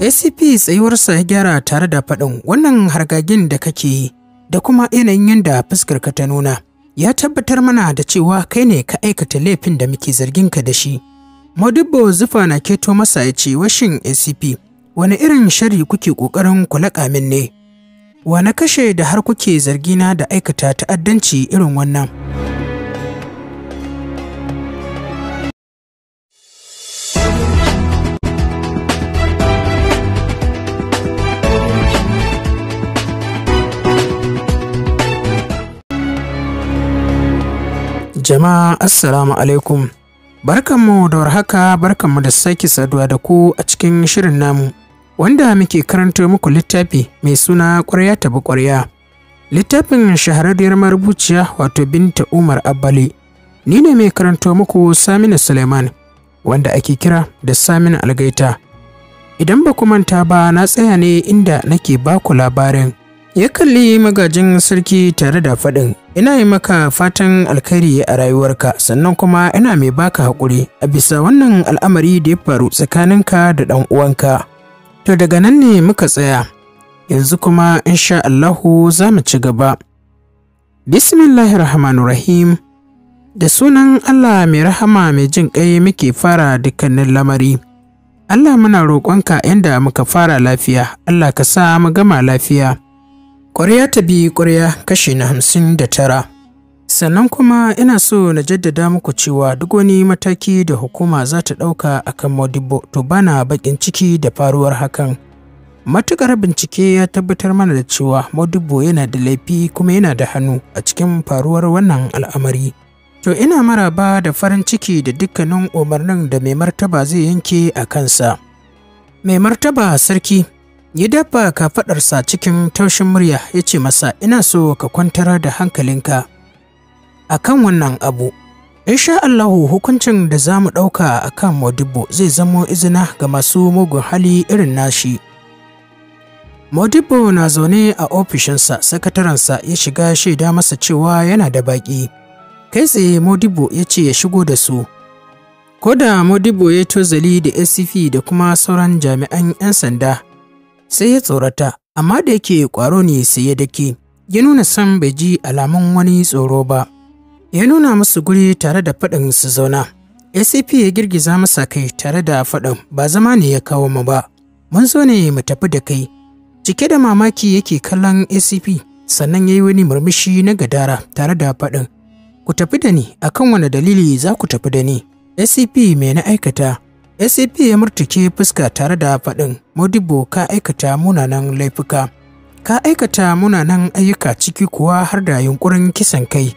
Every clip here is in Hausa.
acp tsayuwar tsayuwarsa ya gyara tare da faɗin wannan hargagin da kake yi da kuma yanayin fuskar ka ta nuna ya tabbatar mana da cewa kai ne ka aikata laifin da muke zargin ka da shi Modibo zufa na keto masa ya ce washin acp wani irin shari kuke ƙoƙarin kulaƙa min ne wa kashe da har kuke zargina da aikata ta'addanci irin wannan jama'a assalamu alaikum barkanmu da warhaka barkanmu da sake saduwa da ku a cikin shirin namu wanda muke karanto muku littafi mai suna ƙwarya ta bi ƙwarya littafin shahararriyar marubuciya wato binta umar abbali ni ne mai karanto muku saminu suleiman wanda ake kira da saminu algaita idan ba ku manta ba na tsaya ne inda nake baku labarin ya kalli magajin sarki tare da faɗin ina yi maka fatan alkhairi a rayuwarka sannan kuma ina mai baka haƙuri a bisa wannan al'amari da ya faru tsakaninka da ɗan uwanka to daga nan ne muka tsaya yanzu kuma insha Allahu za mu ci gaba bismillahir rahmanir rahim da sunan Allah mai rahama mai jin ƙai muke fara dukkanin lamari Allah muna roƙonka inda muka fara lafiya Allah ka sa mu gama lafiya ƙwarya ta bi ƙwarya kashi na hamsin da tara sannan kuma ina so na jaddada muku cewa duk wani mataki da hukuma za ta ɗauka a kan modibo to bana baƙin ciki da faruwar hakan matuƙar bincike ya tabbatar mana da cewa modibo yana da laifi kuma yana da hannu a cikin faruwar wannan al'amari to ina maraba da farin ciki da dukkanin umarnin da mai martaba zai yanke a kansa mai martaba sarki ya dafa kafaɗarsa cikin taushin murya ya ce masa ina so ka kwantar da hankalinka a kan wannan abu in sha Allahu hukuncin da za mu ɗauka a kan Modibo zai zamo izina ga masu mugun hali irin nashi Modibo na zaune a ofishinsa sakatarensa ya shiga shaida masa cewa yana da baƙi kai tsaye Modibo ya ce ya shigo da su Koda Modibo ya tozali da ACP da kuma sauran jami'an 'yan sanda sai ya tsorata amma da yake ƙwaro ne sai ya dake ya nuna san bai ji alamun wani tsoro ba ya nuna musu guri tare da faɗin su zauna acp ya girgiza masa kai tare da faɗin ba zama ne ya kawo mu ba mun zo ne mu tafi da kai cike da mamaki yake kallon acp sannan ya yi wani murmushi na gadara tare da faɗin ku tafi da ni akan wani dalili za ku tafi da ni acp mai na aikata acp ya murtuke fuska tare da faɗin modibo ka aikata munanan laifuka ka aikata munanan ayyuka ciki kuwa har da yunkurin kisan kai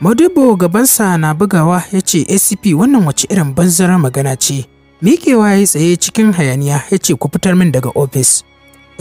modibo gabansa na bugawa ya ce acp wannan wace irin banzara magana ce mikewa ya tsaye cikin hayaniya ya ce ku fitar min daga ofis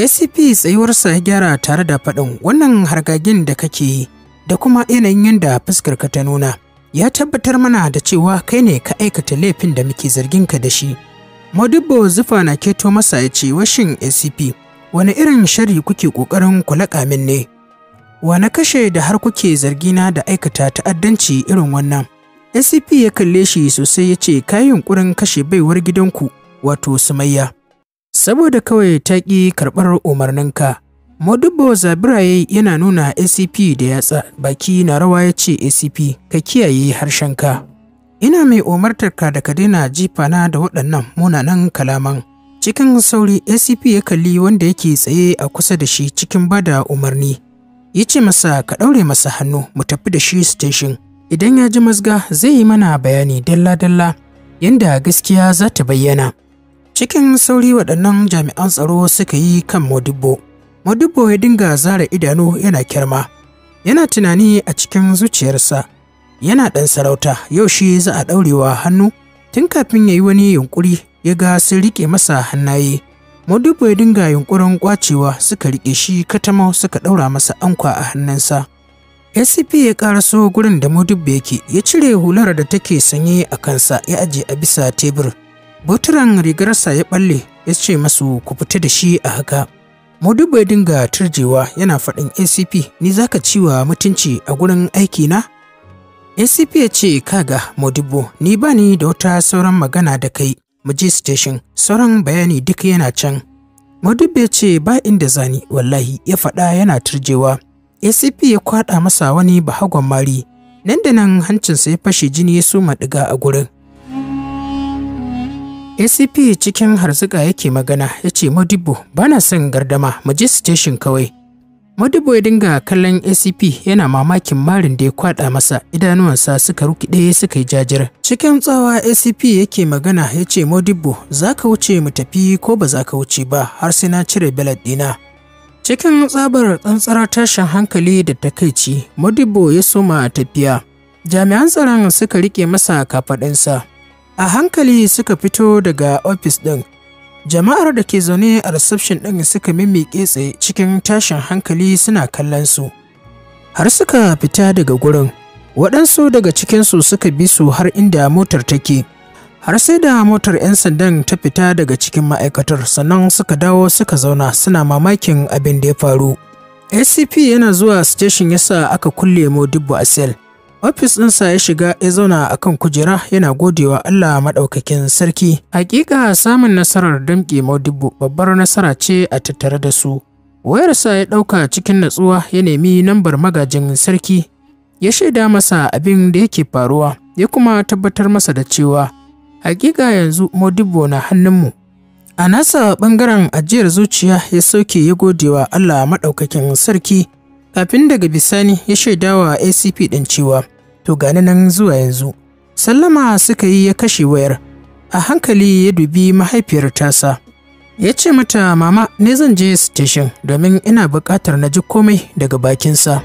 acp tsayuwarsa ya gyara tare da faɗin wannan hargagin da kake yi da kuma yanayin yadda ka ta nuna ya tabbatar mana da cewa kai ne ka aikata laifin da muke zargin ka da shi. Modibo zufa na keto masa ya ce washin ACP wani irin shari kuke ƙoƙarin kulaƙa min ne. Wane kashe da har kuke zargina da aikata ta'addanci irin wannan. ACP ya kalle shi sosai ya ce ka yunƙurin kashe baiwar gidanku wato sumayya. Saboda kawai ta ƙi karɓar umarninka. modubo zabirai yana nuna ACP da yatsa baki na rawa ya ce ACP ka kiyaye harshenka. Ina mai umartarka da ka daina jifana da waɗannan munanan kalaman. Cikin sauri ACP ya kalli wanda yake tsaye a kusa da shi cikin bada umarni. Ya ce masa ka ɗaure masa hannu mu tafi da shi station. Idan ya ji mazga zai yi mana bayani dalla-dalla yadda gaskiya za ta bayyana. Cikin sauri waɗannan jami'an tsaro suka yi kan Modibo. madubo ya dinga zara idanu yana kirma, yana tunani a cikin zuciyarsa, yana ɗan sarauta yau shi za a ɗaurewa hannu tun kafin ya yi wani yunƙuri ya ga sun riƙe masa hannaye. Madubo ya dinga yunƙurin ƙwacewa suka riƙe shi katamau suka ɗaura masa ankwa a hannunsa. SCP ya ƙara ƙaraso gurin da Madubo yake ya cire hular da take sanye a kansa ya aje a bisa tebur. Boturan rigarsa ya ɓalle ya ce masu ku fita da shi a haka. Maudu ya dinga turjewa yana faɗin ACP ni zaka ciwa mutunci a gurin aiki na? ACP ya ce kaga Modibo ni ba ni da wata sauran magana da kai mu je station sauran bayani duk yana can. Maudu ya ce ba inda zani wallahi ya faɗa yana turjewa. ACP ya kwaɗa masa wani bahagon mari nan da nan hancinsa ya fashe jini ya suma ɗiga a gurin. acp cikin harzuka yake magana ya ce modibo ba na son gardama mu je station kawai modibo ya dinga kallon acp yana mamakin marin da ya kwada masa idanuwansa suka ruki ɗaya suka yi jajir cikin tsawa acp yake magana ya ce modibo za ka wuce mu tafi ko ba za ka wuce ba har sai na cire belat dina cikin tsabar tsantsar tashin hankali da takaici modibo ya soma tafiya jami'an tsaron suka rike masa kafaɗinsa A hankali suka fito daga ofis ɗin. Jama'ar da ke zaune a reception ɗin suka mimmiƙe tsaye cikin tashin hankali suna kallon su. Har suka fita daga gurin, waɗansu daga cikinsu suka bi su har inda motar take. Har sai da motar 'yan sandan ta fita daga cikin ma'aikatar sannan suka dawo suka zauna suna mamakin abin da ya faru. ACP yana zuwa station yasa aka kulle dubu a sel. Ofis ɗinsa ya shiga ya zauna a kan kujera yana godewa Allah maɗaukakin sarki. Hakika samun nasarar damƙe Maudubu babbar nasara ce a tattare da su. Wayarsa ya ɗauka cikin natsuwa ya nemi nambar magajin sarki. Ya shaida masa abin da yake faruwa ya kuma tabbatar masa da cewa hakika yanzu Modibo na hannunmu. A nasa ɓangaren ajiyar zuciya ya sauke ya godewa Allah maɗaukakin sarki, kafin daga bisani ya shaidawa ACP ɗin cewa to gani nan zuwa yanzu sallama suka yi ya kashe wayar a hankali ya dubi mahaifiyar tasa ya ce mata mama ne zan je station domin ina buƙatar na ji komai daga bakinsa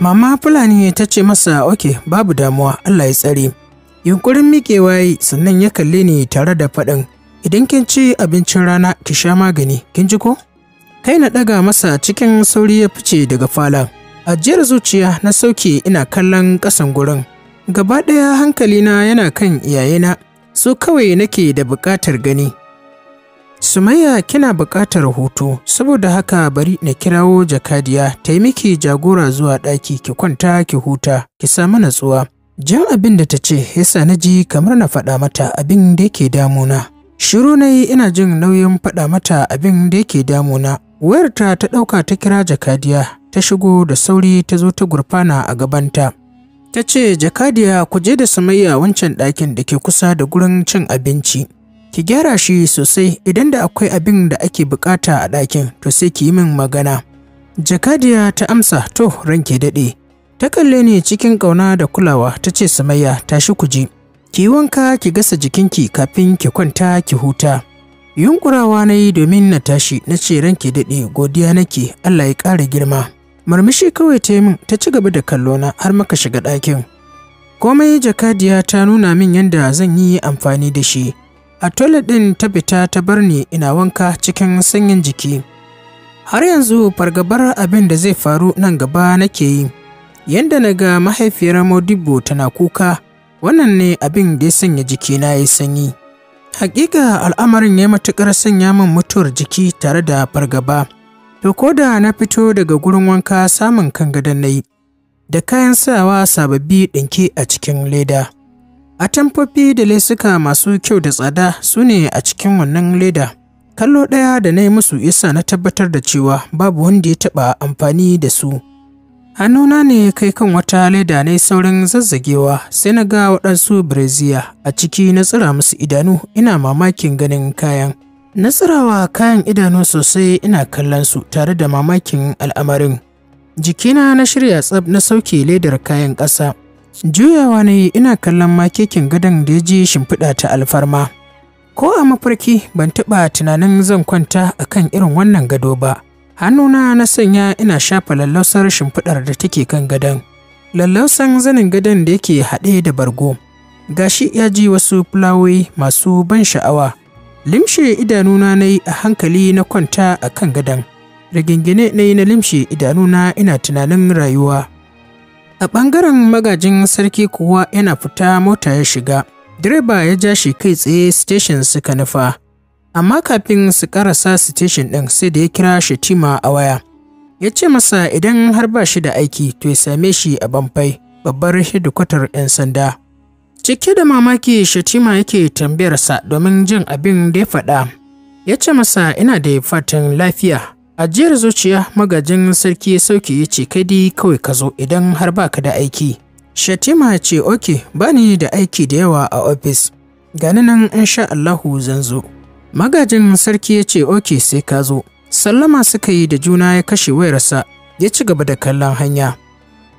mama fulani ta ce masa ok babu damuwa allah ya tsare yunkurin miƙewa sannan ya kalle ni tare da faɗin idan kin ci abincin rana ki sha magani kin ji ko kai na ɗaga masa cikin sauri ya fice daga falon ajiyar zuciya na sauke ina kallon ƙasan gurin gaba ɗaya hankalina yana kan iyayena so kawai nake da buƙatar gani sumayya kina buƙatar hutu. saboda haka bari na kirawo jakadiya ta yi miki jagora zuwa ɗaki ki kwanta ki huta ki samu natsuwa jan abin da ta ce yasa na ji kamar na faɗa mata abin da yake damuna shiru na yi ina jin nauyin faɗa mata abin da yake damuna wayarta ta ɗauka ta kira jakadiya ta shigo da sauri ta zo ta gurfana a gabanta ta ce jakadiya ku je da samayya wancan ɗakin da ke kusa da gurin cin abinci ki gyara shi sosai idan da akwai abin da ake bukata a ɗakin to sai ki yi min magana jakadiya ta amsa to ranke daɗe ta kalle ni cikin ƙauna da kulawa ta ce samayya tashi ku je ki yi wanka ki gasa jikinki kafin ki kwanta ki huta yunkurawa na yi domin na tashi na ce ranke daɗe godiya nake allah ya ƙara girma Murmushi kawai ta yi min ta ci gaba da kallona har muka shiga ɗakin. Komai jakadiya ta nuna min yadda zan yi amfani da shi. A toilet ɗin ta fita ta bar ni ina wanka cikin sanyin jiki. Har yanzu fargabar abin da zai faru nan gaba nake yi. Yanda na ga mahaifiyar Modibo tana kuka, wannan ne abin da ya sanya jiki na ya sanyi. Hakika al'amarin ya matukar sanya min mutuwar jiki tare da fargaba. to ko da na fito daga gurin wanka samun kan gadon na yi da kayan sawa sababbi ɗinke a cikin leda a tamfofi da lesuka masu kyau da tsada su ne a cikin wannan leda kallo ɗaya da na yi musu yasa na tabbatar da cewa babu wanda ya taɓa amfani da su hannuna ne kai kan wata leda na saurin zazzagewa sai na ga waɗansu breziya a ciki na tsira musu idanu ina mamakin ganin kayan Nasarawa kayan idanu sosai ina kallon su tare da mamakin al'amarin. Jikina na shirya tsab na sauke ledar kayan ƙasa. Juyawa ne ina kallon makekin gadon da ya ji shimfiɗa ta alfarma. Ko a mafarki ban taɓa tunanin zan kwanta a kan irin wannan gado ba. Hannuna na sanya ina shafa lallausar shimfiɗar da take kan gadon. Lallausan zanin gadon da yake haɗe da bargo. Gashi ya ji wasu fulawoyi masu ban sha'awa Limshe idanuna na yi a hankali na kwanta a kan gadon, rigingine na yi na limshe idanuna ina tunanin rayuwa. A ɓangaren magajin sarki kuwa yana fita mota ya shiga, direba ya ja shi kai tsaye station suka nufa. Amma kafin su ƙarasa station ɗin sai da ya kira Shatima a waya. Ya ce masa idan har ba shi da aiki to ya same shi a bamfai babbar hedikwatar 'yan sanda. Cike da mamaki Shatima yake tambayarsa domin jin abin da ya faɗa. Ya ce masa ina da fatan lafiya. Ajiyar zuciya magajin sarki ya sauke ya ce kai dai kawai ka zo idan har ba ka da aiki. Shatima ce oke ni da aiki da yawa a ofis. Gani nan sha Allahu zan zo. Magajin sarki ya ce oke sai ka zo. Sallama suka yi da juna ya kashe wayarsa ya ci gaba da kallon hanya.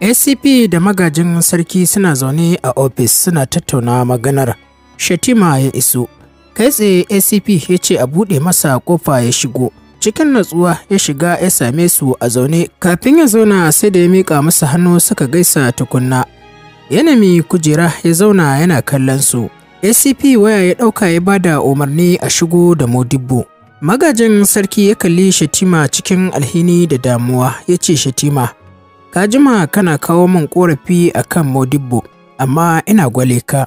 scp da magajin sarki suna zaune a ofis suna tattauna maganar shatima ya iso kai tsaye scp ya ce a buɗe masa kofa ya shigo cikin natsuwa ya shiga ya same su a zaune kafin ya zauna sai da ya mika masa hannu suka gaisa tukunna yanami kujera ya zauna yana kallon su acp waya ya ɗauka ya bada umarni a shigo da modibbo magajin sarki ya kalli shatima cikin alhini da damuwa ya ce shatima Ka jima kana kawo min ƙorafi a kan Modibbo, amma ina gwale ka.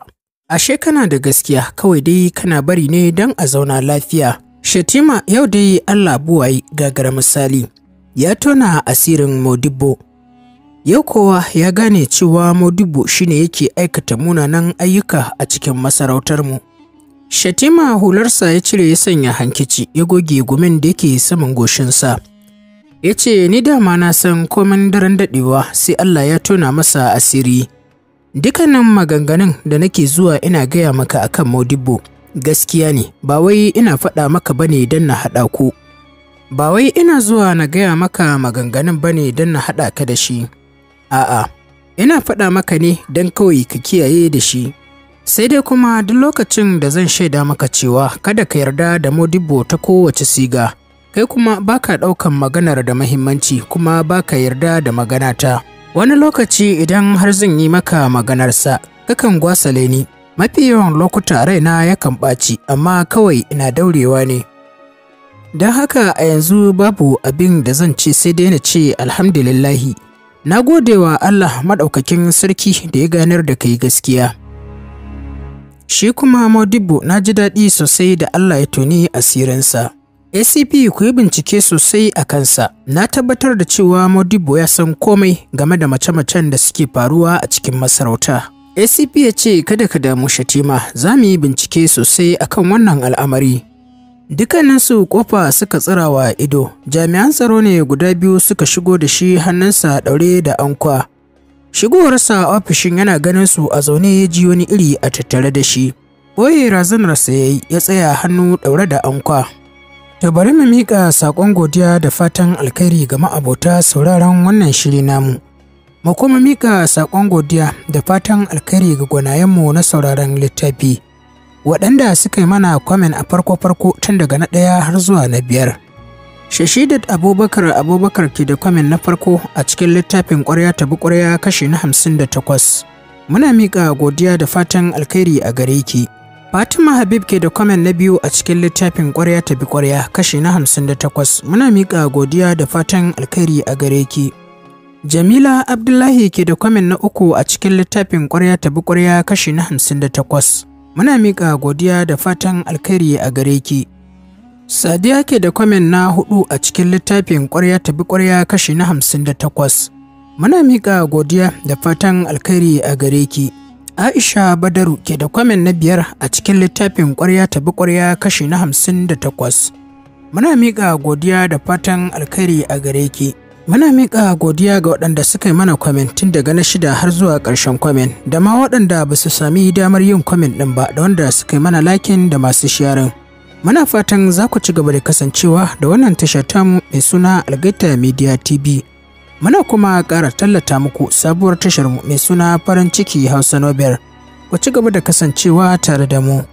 Ashe kana da gaskiya kawai dai kana bari ne don a zauna lafiya. Shatima yau dai Allah buwayi gagara misali. Ya tona asirin Modibbo. Yau kowa ya gane cewa Modibbo shine yake aikata munanan ayyuka a cikin masarautarmu. Shatima hularsa ya cire ya sanya hankici ya goge gumin da yake saman goshinsa. ya ce ni dama na san komin daren daɗewa sai Allah ya tona masa asiri Dukannin maganganun da nake zuwa ina gaya maka akan Modibo gaskiya ne ba wai ina faɗa maka bane don na haɗa ku ba wai ina zuwa na gaya maka maganganun bane don na haɗa ka da shi a'a ina faɗa maka ne don kawai ka kiyaye da shi sai dai kuma duk lokacin da zan shaida maka cewa kada ka yarda da Modibo ta kowace siga kai kuma baka ɗaukan maganar da mahimmanci kuma baka yarda da magana ta Wani lokaci idan har zan yi maka maganar sa kakan gwasale ni. Mafi yawan lokuta raina yakan ɓaci, amma kawai ina daurewa ne. Don haka a yanzu babu abin da zan ce sai dai na ce alhamdulillahi. Na gode wa Allah maɗaukakin sarki da ya ganar da kai gaskiya. Shi kuma Modibo na ji daɗi sosai da Allah ya tuni asirinsa. acp ku yi bincike sosai a kansa na tabbatar da cewa modibo ya san komai game da mace-macen da suke faruwa a cikin masarauta acp ya ce kada ka damu shatima za mu yi bincike sosai akan wannan al'amari dukkaninsu kofa suka tsirawa ido jami'an tsaro ne guda biyu suka shigo da shi hannunsa ɗaure da ankwa shigowarsa ofishin yana ganin su a zaune ya ji wani iri a tattare da shi boye razanarsa ya yi ya tsaya hannu ɗaure da ankwa To bari mu miƙa saƙon godiya da fatan alkhairi ga ma'abota sauraron wannan shiri namu. Mu kuma miƙa saƙon godiya da fatan alkhairi ga gwanayenmu na sauraron littafi. Waɗanda suka yi mana kwamen a farko-farko tun daga na ɗaya har zuwa na biyar. Shashidat Abubakar Abubakar ke da kwamen na farko a cikin littafin ƙwarya tabi ƙwarya kashi na hamsin da takwas. Muna miƙa godiya da fatan alkhairi a gare ki. Fatima Habib ke da kwamen na biyu a cikin littafin ƙwarya ta bi ƙwarya kashi na hamsin da takwas muna miƙa godiya da fatan alkhairi a gare ki. Jamila Abdullahi ke da kwamen na uku a cikin littafin ƙwarya ta bi ƙwarya kashi na hamsin da takwas muna miƙa godiya da fatan alkhairi a gare ki. Sadiya ke da kwamen na hudu a cikin littafin ƙwarya ta bi ƙwarya kashi na hamsin da takwas muna miƙa godiya da fatan alkhairi a gare ki. Aisha Badaru ke da kwamen na biyar a cikin littafin ƙwarya tabi ƙwarya kashi na hamsin da takwas. Muna miƙa godiya da fatan alkhairi a gare ki. Muna miƙa godiya ga waɗanda suka yi mana kwamen tun daga na shida har zuwa ƙarshen kwamen, da ma waɗanda ba su sami damar yin kwamen ɗin ba da wanda suka yi mana lakin da masu sharing. Muna fatan za ku ci gaba da kasancewa da wannan tashar tamu mai suna Algaita Media TV. Muna kuma ƙara tallata muku sabuwar tashar mu mai suna farin ciki Hausa Nobel. Ku ci gaba da kasancewa tare da mu.